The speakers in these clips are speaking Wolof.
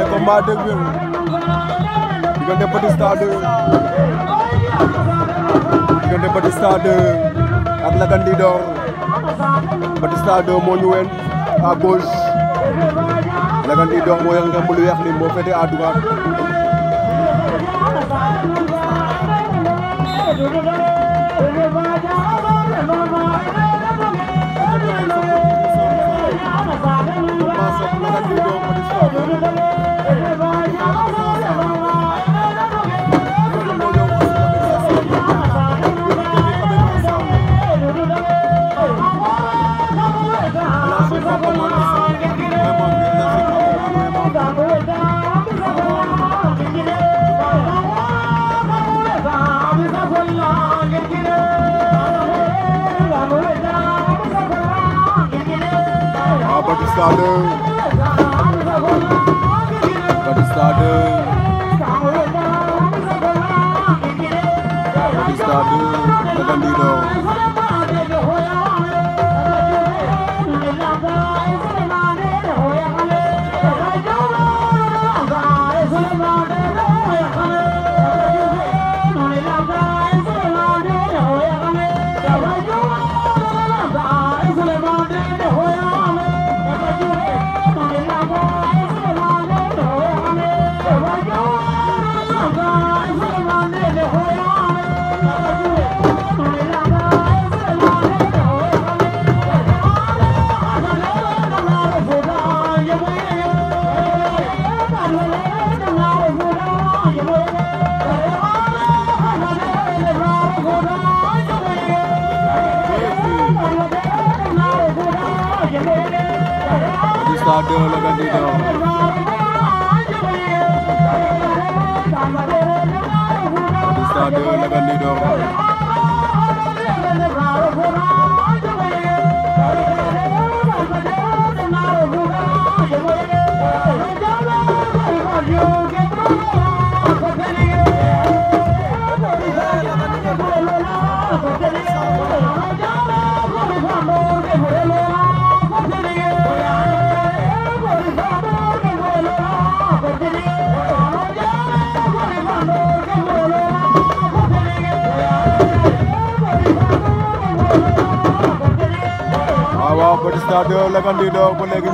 waaye combat dëgg bi diggante Batista diggante Batista 2 ak Lac Ndidor Batista moo ñu wen à gauche Lac Ndidor moo yor ngemb lu weex moo féete à Abadisalão. I do, like I do though. ॾियो लॻंदी waaw Batista 2 Lagan 2 ba léegi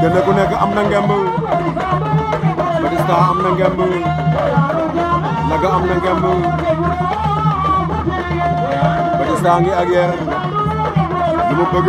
ñu nekk am na ngemb Batista am na ngemb am na ngemb Batista ngi ak mu bëgg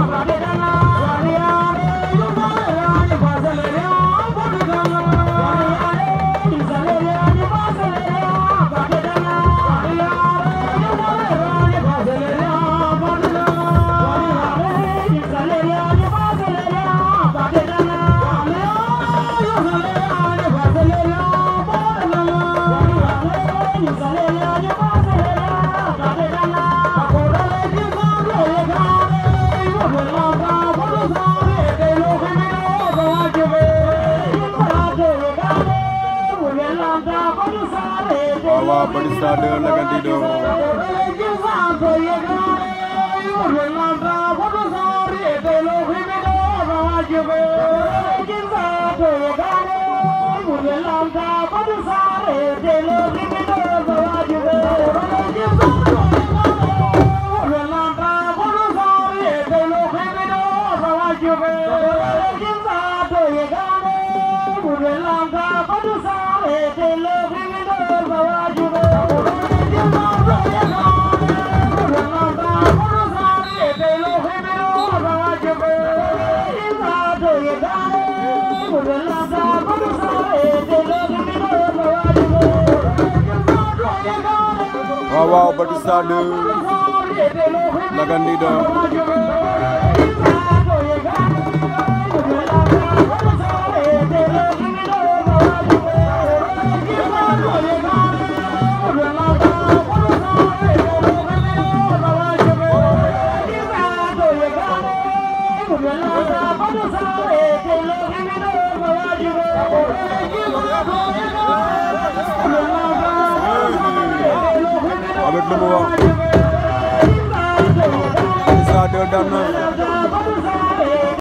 Allah beristirahat dengan tidur. Mulan da badu sa waaw waaw Batista 2 Lagane leader Dëgg la mu wax Issa